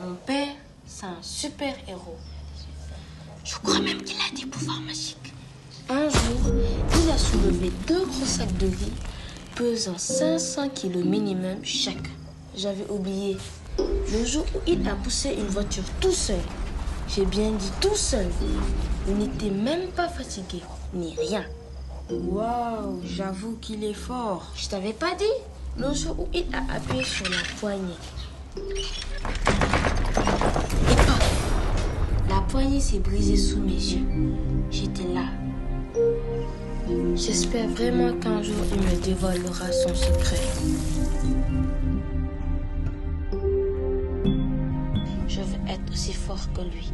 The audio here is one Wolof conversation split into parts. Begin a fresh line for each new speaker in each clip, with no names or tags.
Mon père, c'est un super héros. Je crois même qu'il a des pouvoirs magiques. Un jour, il a soulevé deux gros de riz pesant kilos minimum chacun. J'avais oublié. Le jour où il a poussé une voiture tout seul, j'ai bien dit tout seul, il n'était même pas fatigué, ni rien. Waouh, j'avoue qu'il est fort. Je t'avais pas dit. Le jour où il a appuyé sur la poignée, poignet s'est brisé sous mes yeux. J'étais là. J'espère vraiment qu'un jour il me dévoilera son secret. Je veux être aussi fort que lui.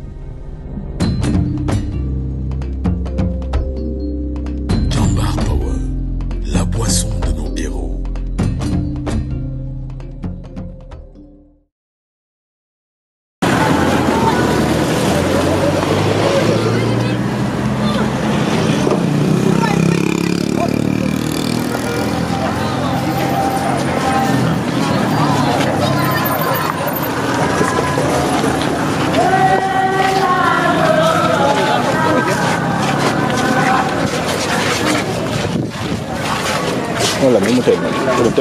tegg xanaa xam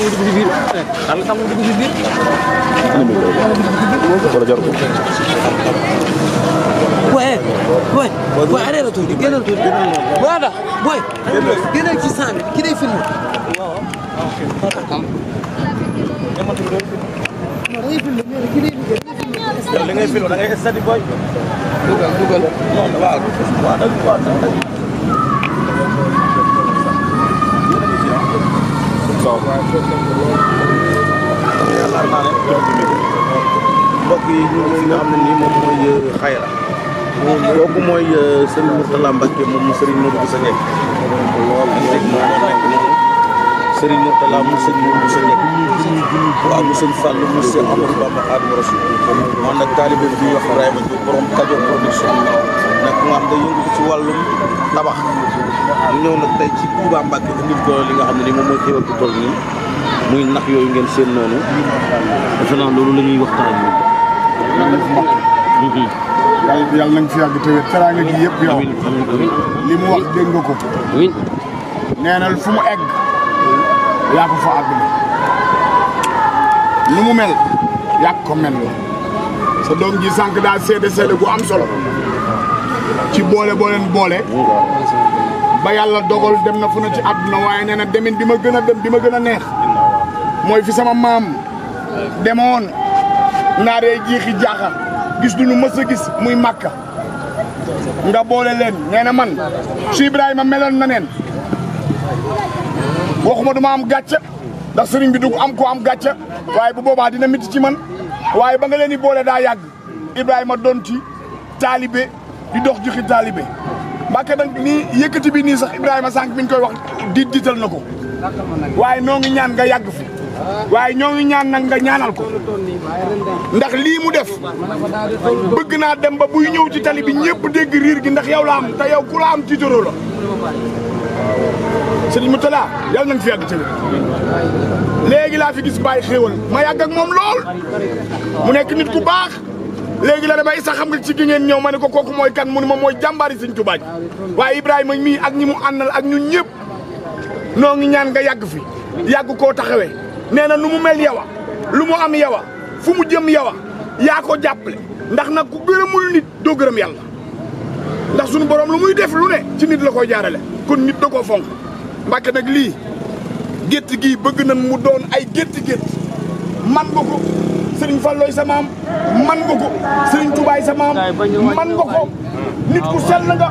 nga dugg ci biir xanaa xam nga dugg ci biir wala jaru ko boy boy boy arrêté tuuti génnal tuuti wala boy génnal ci sang bi ki day film waaw da
ngay film
da ngay stadi boy dugal dugal waaw
waaw waaw yaakaar naa ne jox ko micro
mbokk yi ñu ngi nga xam ne nii moom mooy xayra kooku mooy euh, Serigne Mourtala Mbacke moom Serigne Modou Bousso Ndiaye Serigne Mourtala mu Serigne Modou Bousso Ndiaye waaw mu Serigne Fall mu Serigne Amadou Bamba Khadimou Rassoul man nag taalibe bi ñuy wax Ibrahima Diop borom Kajoor production nag mu am da yëngu ci wàllum tabax ñu ñëw nag li nga xam ne ni moom mooy xéwal yooyu ngeen seen noonu defe loolu la ñuy waxtaan ñun.
yàlla yàlla na nga yàgg te wér teraanga gi li mu wax dégg nga ko. amiin nee na fu mu egg yaa ko fa àgg ni mu mel yàgg ko mel la sa doom ji sànq daa seede seede gu am solo ci boole booleen boole. ba yàlla dogal dem na fu na ci àdduna waaye nee na demin bi ma gën a dem bi ma gën a neex mooy fi sama maam demoon naaree jiixi jaaxa gis du nu mës gis muy màkka nga boole leen nee na man su Ibrahima meloon na neen waxuma duma am gàcce ndax sëriñ bi du am ko am gàcce waaye bu boobaa dina miti ci man waaye ba nga leen di boole daa yàgg Ibrahima doon ci taalibe di dox joxi taalibe Mbàkke nag nii yëkkati bi nii sax Ibrahima sànq mi ñu koy wax di diital na ko waaye noo ngi ñaan nga yàgg fi waaye ñoo ñaan nag nga ñaanal ko ndax lii mu def bëgg naa dem ba buy ñëw ci tali bi ñëpp dégg riir gi ndax yow la am yow ku la am tiitaroo la sëriñ Moutala yàlla na nga fi yàgg ci léegi laa fi gis bàyyi xéewal ma ak moom lool mu nekk nit ku baax léegi la damay sax xam nga ci gi ngeen ñëw ma ko kooku mooy kan mu ma mooy jàmbaari Sëñ Tuubaa ji waaye Ibrahima mii ak ñi mu àndal ak ñun ñëpp noo ngi ñaan nga yàgg fi yàgg koo taxawee nee na nu mu mel yawa lu mu am yawa fu mu jëm yawa yaa ko jàppale ndax nag ku gërëmul nit doo gërëm yàlla ndax suñu borom lu muy def lu ne ci nit la koy jaarale kon nit da koo fonk mbàkke nag lii gétt gii bëgg na mu doon ay gétt gétt man nga ko Serigne Falloy sa maam man nga ko Serigne Toubaay sa maam man nga ko
nit ku ah, sell nga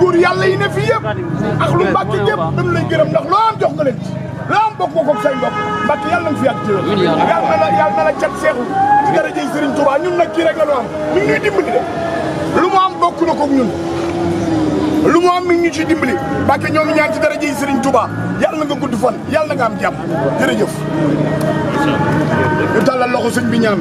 góor yàlla yi ne fii yëpp ak lu mbàkk yëpp dañu lay gërëm ndax loo am jox nga leen ci loo am bokk ko say mbokk mbàkk yàlla na fi yàgg jëlal yàlla na la yàlla na la cat seexu ci dara jëy Serigne Touba ñun nag kii rek la lu de lu mu am bokk na ko ñun lu mu am mi ngi ñu ci dimbali Mbàkke ñoom ñaan ci dara ji Serigne Touba yàlla na nga gudd fan yàlla na nga am jàmm jërëjëf ñu loxo si bi ñaan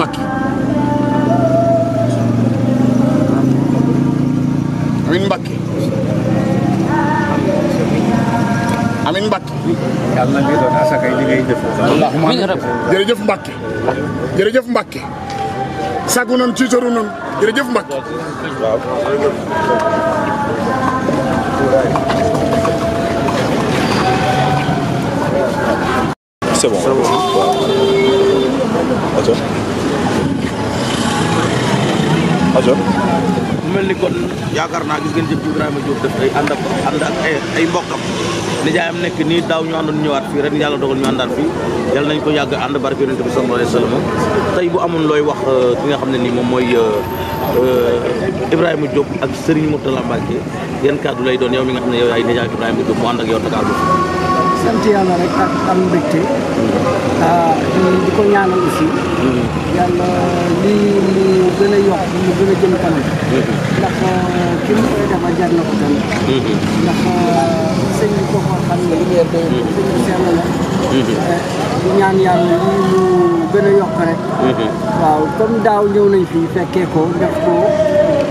Macky Amin Mbacké Amin Mbacké yàlla na lii doon asaka yi li ngay def allahumma jërëjëf Mbacké jërëjëf Mbacké sagu noonu tiitaru noonu jërëjëf Mbacké
c'est bon c'est bon
azote. mu mel ni kon yaakaar naa gis ngeen jëf ci Ibrahima def ay ànd ak ànd ak ay ay mbokkam nijaayam nekk nii daaw ñu àndoon ñëwaat fii ren yàlla dogal ñu àndaat fii yàlla nañ ko yàgg ànd barke yonente bi sallallahu alayhi wa tey bu amoon looy wax euh, ki nga xam ne nii moom mooy euh, euh, Ibrahima Diop ak Serigne Mourtala Mbacke yan kàddu lay doon yow mi nga xam ne yow yaay nijaay Ibrahima Diop mu ànd ak yow Dakar
sant yàlla rek ak am mbégte ah, di ko ñaanal aussi yàlla lii mu gën a yokk mu gën a jëm kanam ndax ah, ki mu ah, ko ko xam ne sëñ bi sell la eh, di ñaan yàlla lii mu gën a yokk rek waaw comme daaw ñëw nañ fii fekkee ko def ko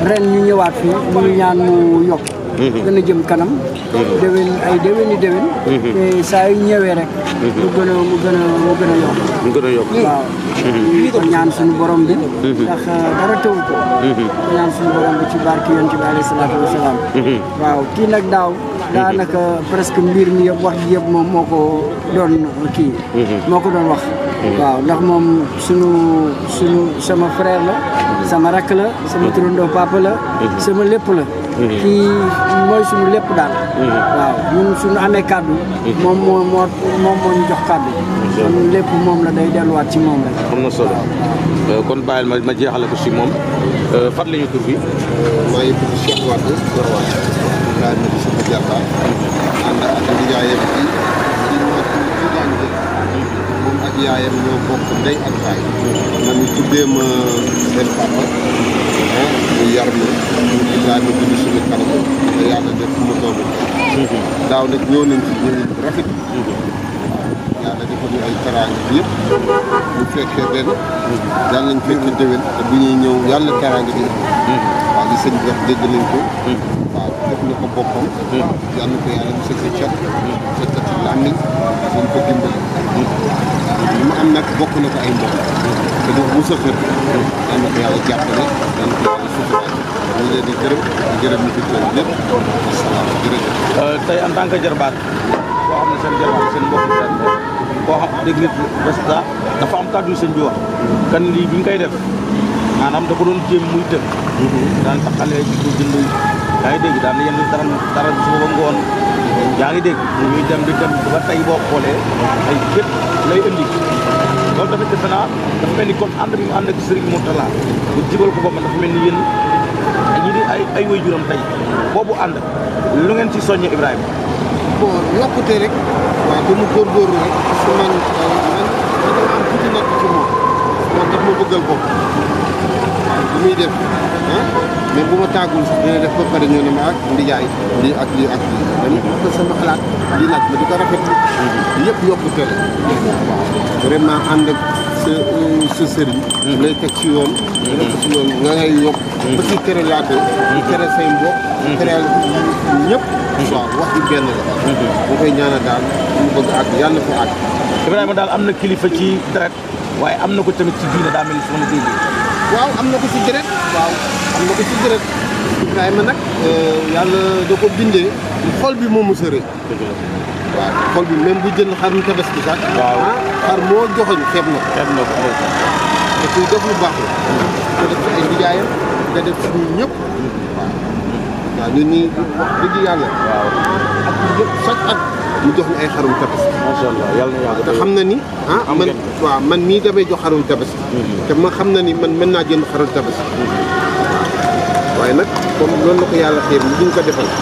ren ñu ñëwaat fii ñu ñaan mu yokk Mm-hmm. gën a jëm kanam mm-hmm. déwén ay déwén mm-hmm. i te saa yu ñëwee rek mu gën a mu gën a mu gën a yokk mu gën a yokk waaw ñu ko ñaan suñu borom bi
ndax
euh, dara waaw kii nag daaw daanaka presque mbir mi yëpp wax ji yëpp moom moo ko doon kii moo ko doon wax waaw ndax moom sunu sunu sama frère la sama rakk la sama turandoo papa la sama lépp la kii mooy suñu lépp daal. waaw ñun suñu amee kàddu. moom moo moom moo ñu jox kàddu. kon lépp moom la day delluwaat ci moom rek. am solo
euh, kon bàyyil ma ma jeexale ko si moom
euh, fan la ñu tur bi. maa ngi tudd Cheikh Wade Dóor Wade. daal di nuyu ci moom ak yaayam ndey ak baay. man ñu tuddee ma ah, yar ma. yàgg dund suñu kanam te daaw nag ñëw nañ ci ñëw rafet waaw yàlla defal ñu ay teraanga bi bu ñuy ñëw yàlla teraanga bi waaw li sëñ bi wax dégg nañ na ko boppam yàlla ko yàlla bu sëkk cat sëkk ci am nag bokk na ko ay mbokk te daf sa xër yàlla ko yàlla jàppale yàlla ko yàlla leen di gërëm di gërëm ñu fi teew ñëpp asalaam
jërëjëf tey en tant que jarbaat boo xam ne seen jarbaat seen mbokk seen boo xam dégg nit Vesta dafa am kàddu sëñ bi wax kan lii bi ñu koy def maanaam da ko doon jéem muy tëb mhm. daan taxale ji ko jënd yaa ngi dégg daan na yenn dara dara bi suba ba ngoon mhm. yaa ngi dégg ñuy dem di dem ba tey boo xoolee ay képp lay indi loolu tamit defe naa dafa mel ni kon ànd bi mu ànd ak Serigne Mourtala bu jibal ko ba man dafa mel ni yéen ñi di ay ay waajuram tey boobu ànd lu ngeen ci
soññee Ibrahima. bon yokkute rek waaw ba mu góorgóorlu rek parce man euh, man man dama am tuuti nekk ci moom moom daf ma bëggal bopp bu muy def ah mais bu ma tàggul sax dina def ba pare ñëw ma ak ah, ndijaay lii ak lii ak lii dama ko ah, sama xalaat lii nag ma di ko rafetlu yëpp yokkute la waaw vraiment ànd ak sa euh, sëriñ lay teg ci yoon lay teg ci yoon nga ngay yokk ba ci tere laate di tere say mbokk tere ñëpp waaw wax bi benn la bu koy ñaanal daal mu bëgg ak yàlla fa ak Ibrahima daal am na kilifa ci deret waaye am na ko tamit ci diine daa mel ni soxna Gueye waaw am na ko ci deret waaw am na ko ci deret Ibrahima nag euh, yàlla da ko bindee xol bi moo mos a rëy waaw xol bi même bu jël xarum tabaski sax. waaw ah, xar moo joxoñ xeeb na ko. xeeb na ko te kuy def lu baax la. nga def ay nijaayam nga def suñu ñëpp. waaw waaw ñun ñii wax dëgg mu jox ay xarum tabaski. macha allah yàlla na yàlla te xam na ni. ah man waaw man mii damay jox xarum tabaski. Mm-hmm. te ma xam na ni man mën naa jënd xarum tabaski. Mm-hmm. waaye nag. yàlla xeeb li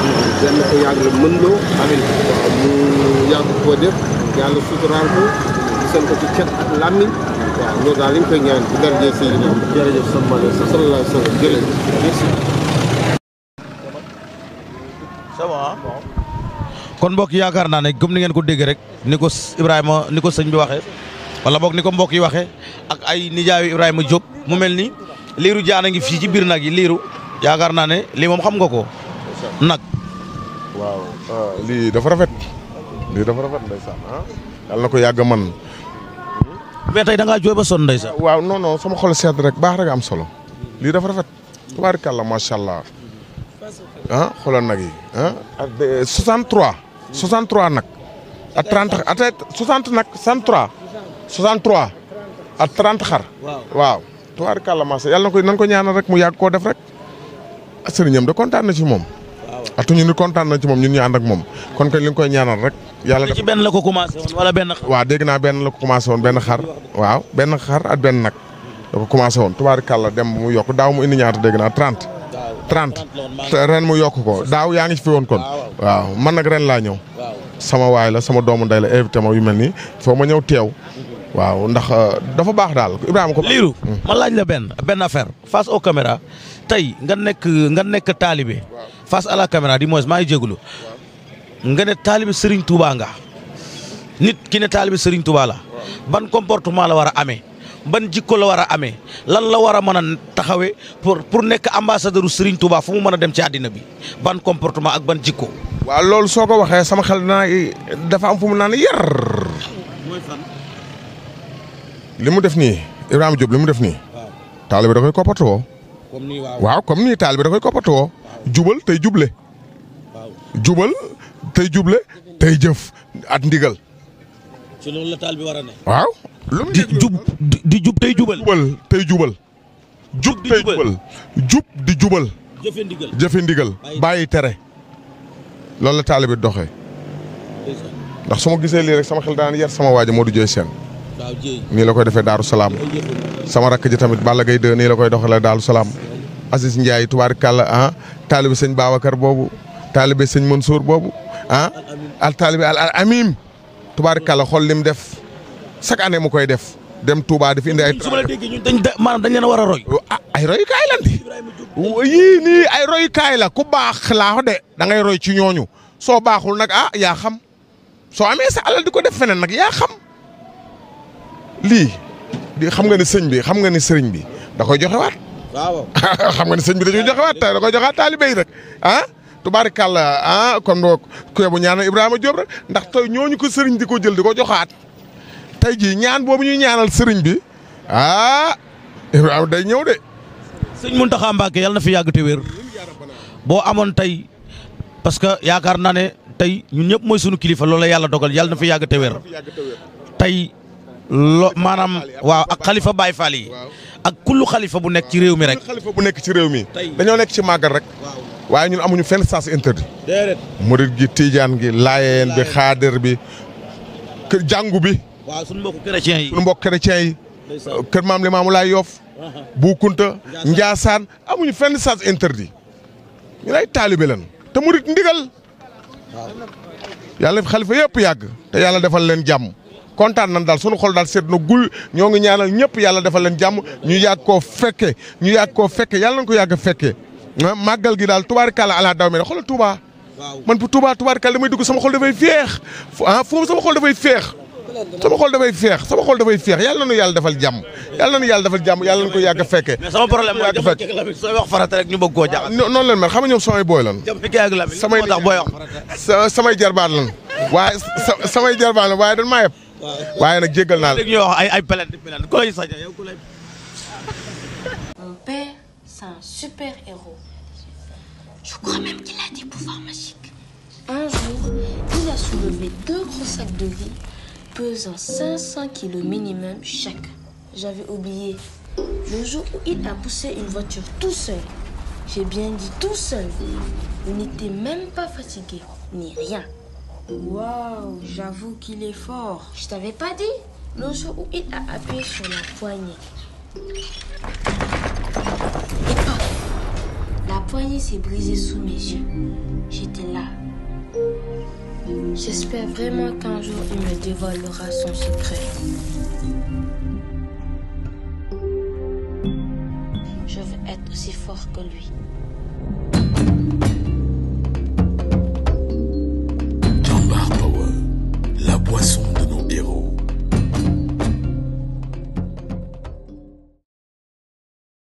kon mbokk yaakaar naa ne comme ni ngeen ko dégg rek ni ko Ibrahima ni ko sëñ bi waxee wala boog ni ko mbokk yi waxee ak ay nijaayu Ibrahima Diop mu mel ni liiru jaan a ngi fii ci biir nag yi liiru yaakaar naa ne lii moom xam nga ko. nag.
waaw ah, lii dafa rafet. lii dafa rafet ndeysaan ah. yàlla na ko yàgg man. mais tey dangaa ngaa jooy ba sonn ndeysaan. waaw non non sama xol sedd rek baax rek am solo. lii dafa rafet. tabaarkàlla macha allah. ah nag yi ah. ak 63. 63 nag. ak 30 ak nag 63. 63. ak 30 xar. waaw waaw. tubaarkàlla macha yàlla na ko nan ko ñaana rek mu yàgg koo def rek. sëriñam de kontaan na ci moom. waaw te ñun kontaan na ci moom ñu ànd ak moom. kon kañ li koy ñaanal rek. yàlla def ci benn la ko commencé woon wala benn xar. waaw dégg naa benn la ko commencé woon benn xar. benn xar ak benn nag. da ko commencé woon tubaarikàlla dem mu yokk daaw mu indi ñaata dégg naa 30. 30 ren mu yokk ko daaw yaa ngi fi woon kon. waaw man nag ren laa ñëw. sama waay la sama doomu ndey la invité ma yu mel nii foo ma ñëw teew. waaw ndax euh, dafa baax daal Ibrahima ko. liiru hmm.
ma laaj la benn benn affaire face aux caméras tey nga nekk nga nekk taalibe face à la caméra du moins maa ngi jégalu nga ne taalibe sëriñ Touba nga nit ki ne taalibe Serigne Touba la ban comportement la war a amee ban jikko la war a amee lan la war a mën a taxawee pour pour nekk ambassadeur sëriñ Touba fu mu mën a dem ci àddina bi ban comportement ak ban jikko.
waa loolu soo ko waxee sama xel naa dafa am fu mu naan yar. li mu def nii Ibrahima Diop li mu def nii. taalibe da koy comportement. waaw comme nii taal bi da koy koppatoo jubal tay juble jubal tey juble tey jëf at ndigal.
ci loolu la taal bi war a ne.
jub di jubal. jubal tey jubal. jub tey jubal jub di jubal. jëfe ndigal jëfe bàyyi tere. loolu la taalibe doxee. ndax su ma gisee lii rek sama xel daan yar sama waaja Modou Dieye Sène nii la koy defee daaru salaam sama rakk ji tamit Balla Gaye 2 nii la koy doxalee daaru salaam Aziz Ndiaye tubaarikàlla ah taalibe sëñ Babacar boobu taalibe sëñ Mansour boobu ah al taalibe al amim tubaarikàlla xool li mu def chaque année mu koy def dem tuubaa daf indi ay. su ma la dañ maanaam dañ leen a war a roy. Ah, ay royukaay lan yii nii ay royukaay la ku baax laa de dangay roy ci ñooñu soo baaxul nag ah yaa xam soo amee sa alal di ko def feneen nag yaa xam. lii di xam nga ni sëñ bi xam nga ni sëriñ bi da koy joxewaat. waaw xam nga ni sëñ bi dañuy koy joxewaat da koy rek ah. tubaarikàlla ah, kon bu ñaanal Ibrahima Diop ndax tey ñooñu ko sëriñ di ko jël di ko joxaat tey jii ñaan boobu ñuy ñaanal sëriñ bi ah day ñëw de. sëñ
Mountakha Mbacké yàlla na fi yàgg te wér boo amoon tey parce que yaakaar naa ne tey ñun ñëpp mooy sunu kilifa loola yàlla dogal yàlla na fi yàgg te
maanaam waaw ak xalifa Baye Fall yi ak kullu xalifa bu nekk ci réew mi rek. xalifa bu nekk ci réew mi. dañoo nekk ci màggal rek. waaye ñun amuñu fenn sens interdit. déedéet murit gi tijaan gi laayeen bi xaadir bi kër jàngu bi. waaw suñu mbokku chrétien yi. suñu mbokku chrétien yi. kër maam li maamu laay yoof. bu njaasaan amuñu fenn sens interdit ñu lay taalibe lan te murit ndigal. yàlla xalifa yëpp yàgg te yàlla defal leen jàmm. kontaan nan daal sunu xol daal seet na guy ñoo ngi ñaanal ñëpp yàlla defal leen jàmm ñu yàgg koo fekke ñu yàgg koo fekke yàlla nañ ko yàgg a fekke ah, màggal gi daal tubaarikàlla ala daw me ne xoolal Touba man bu Touba tubaarikàlla damay dugg sama xol dafay feex ah foofu sama xol dafay feex sama xol dafay feex sama xol dafay feex yàlla na nu yàlla defal jàmm yàlla na nu yàlla defal jàmm yàlla na ko yàgg a fekke mais sama problème mooy jëm ak Lamine sooy wax farata rek ñu bëgg koo jaxal ah, noonu leen mel xam nga ñoom samay booy lan samay samay jarbaat lan waaye samay jarbaat lan waaye dañ maa yëpp waaye nag jéggal naa la. léegi ñuy wax ay ay plainte plainte ku lay sañ
yow ku lay.
Mon père, c'est un super héros. Je crois même qu'il a des pouvoirs magiques. Un jour, il a soulevé deux gros sacs de riz pesant 500 kilos minimum chacun. J'avais oublié. Le jour où il a poussé une voiture tout seul, j'ai bien dit tout seul, il n'était même pas fatigué, ni rien. Waouh, j'avoue qu'il est fort. Je t'avais pas dit L'oiseau où il a appuyé sur la poignée. Et paf La poignée s'est brisée sous mes yeux. J'étais là. J'espère vraiment qu'un jour il me dévoilera son secret. Je veux être aussi fort que lui.